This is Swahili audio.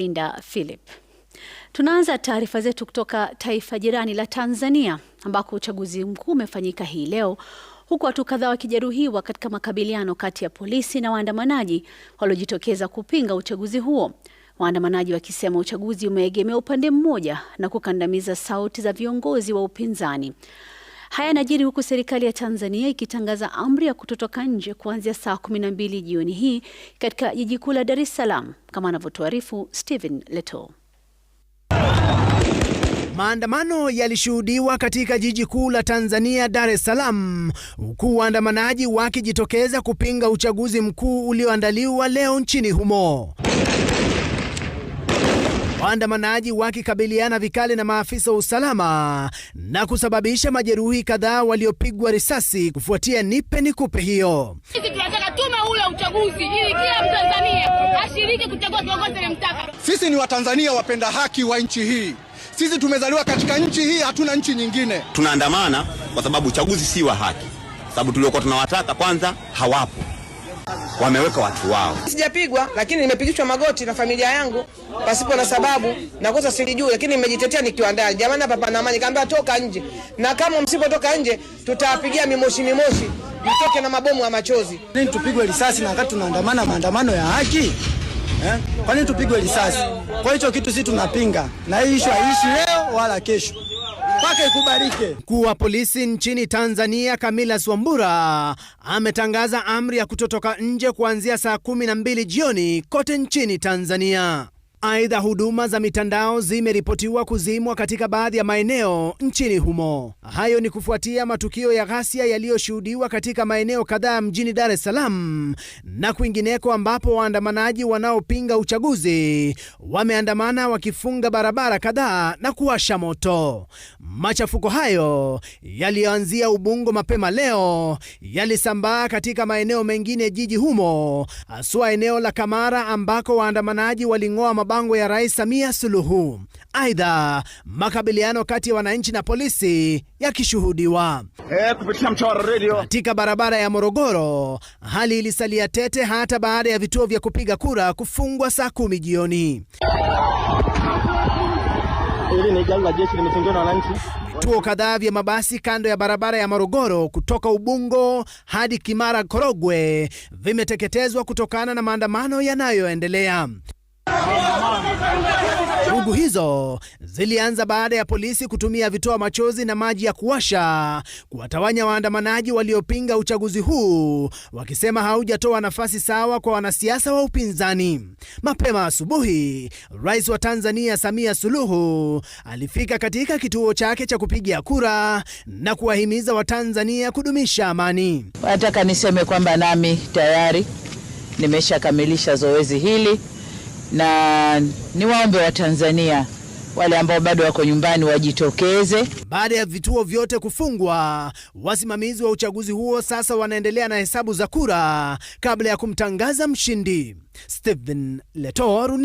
Linda Philip. Tunaanza taarifa zetu kutoka taifa jirani la Tanzania ambako uchaguzi mkuu umefanyika hii leo huku watu kadhaa wakijeruhiwa katika makabiliano kati ya polisi na waandamanaji waliojitokeza kupinga uchaguzi huo. Waandamanaji wakisema uchaguzi umeegemea upande mmoja na kukandamiza sauti za viongozi wa upinzani. Haya yanajiri huku serikali ya Tanzania ikitangaza amri ya kutotoka nje kuanzia saa kumi na mbili jioni hii katika jiji kuu la Dar es Salaam, kama anavyotuarifu Stephen Leto. Maandamano yalishuhudiwa katika jiji kuu la Tanzania, Dar es Salaam, huku waandamanaji wakijitokeza kupinga uchaguzi mkuu ulioandaliwa leo nchini humo waandamanaji wakikabiliana vikali na maafisa wa usalama na kusababisha majeruhi kadhaa waliopigwa risasi kufuatia nipe nikupe hiyo. Sisi ni Watanzania wapenda haki wa nchi hii. Sisi tumezaliwa katika nchi hii, hatuna nchi nyingine. Tunaandamana kwa sababu uchaguzi si wa haki, sababu tuliokuwa tunawataka kwanza hawapo wameweka watu wao. Sijapigwa, lakini nimepigishwa magoti na familia yangu pasipo na sababu, na kosa silijui, lakini nimejitetea nikiwa ndani. Jamani, hapa pana amani, kaambia toka nje, na kama msipotoka nje tutawapigia mimoshi mimoshi, mtoke na mabomu ya machozi. Nini tupigwe risasi na wakati tunaandamana maandamano ya haki? Eh? Kwa nini tupigwe risasi? Kwa hicho kitu sisi tunapinga, na hii issue haiishi leo wala kesho mpaka ikubarike. Mkuu wa polisi nchini Tanzania Kamila Swambura ametangaza amri ya kutotoka nje kuanzia saa kumi na mbili jioni kote nchini Tanzania. Aidha, huduma za mitandao zimeripotiwa kuzimwa katika baadhi ya maeneo nchini humo. Hayo ni kufuatia matukio ya ghasia yaliyoshuhudiwa katika maeneo kadhaa mjini Dar es Salaam na kwingineko, ambapo waandamanaji wanaopinga uchaguzi wameandamana wakifunga barabara kadhaa na kuwasha moto. Machafuko hayo yaliyoanzia Ubungo mapema leo yalisambaa katika maeneo mengine jiji humo, haswa eneo la Kamara ambako waandamanaji waling'oa mabango ya Rais Samia Suluhu. Aidha, makabiliano kati ya wananchi na polisi yakishuhudiwa eh, kupitia Mtwara Radio. Katika barabara ya Morogoro hali ilisalia tete hata baada ya vituo vya kupiga kura kufungwa saa kumi jioni. Vituo kadhaa vya mabasi kando ya barabara ya Morogoro kutoka Ubungo hadi Kimara Korogwe vimeteketezwa kutokana na maandamano yanayoendelea. Vurugu hizo zilianza baada ya polisi kutumia vitoa machozi na maji ya kuwasha kuwatawanya waandamanaji waliopinga uchaguzi huu, wakisema haujatoa nafasi sawa kwa wanasiasa wa upinzani. Mapema asubuhi, Rais wa Tanzania Samia Suluhu alifika katika kituo chake cha kupigia kura na kuwahimiza Watanzania kudumisha amani. Nataka niseme kwamba nami tayari nimeshakamilisha zoezi hili na ni waombe wa Tanzania wale ambao bado wako nyumbani wajitokeze. Baada ya vituo vyote kufungwa, wasimamizi wa uchaguzi huo sasa wanaendelea na hesabu za kura kabla ya kumtangaza mshindi. Stephen Leto, runinga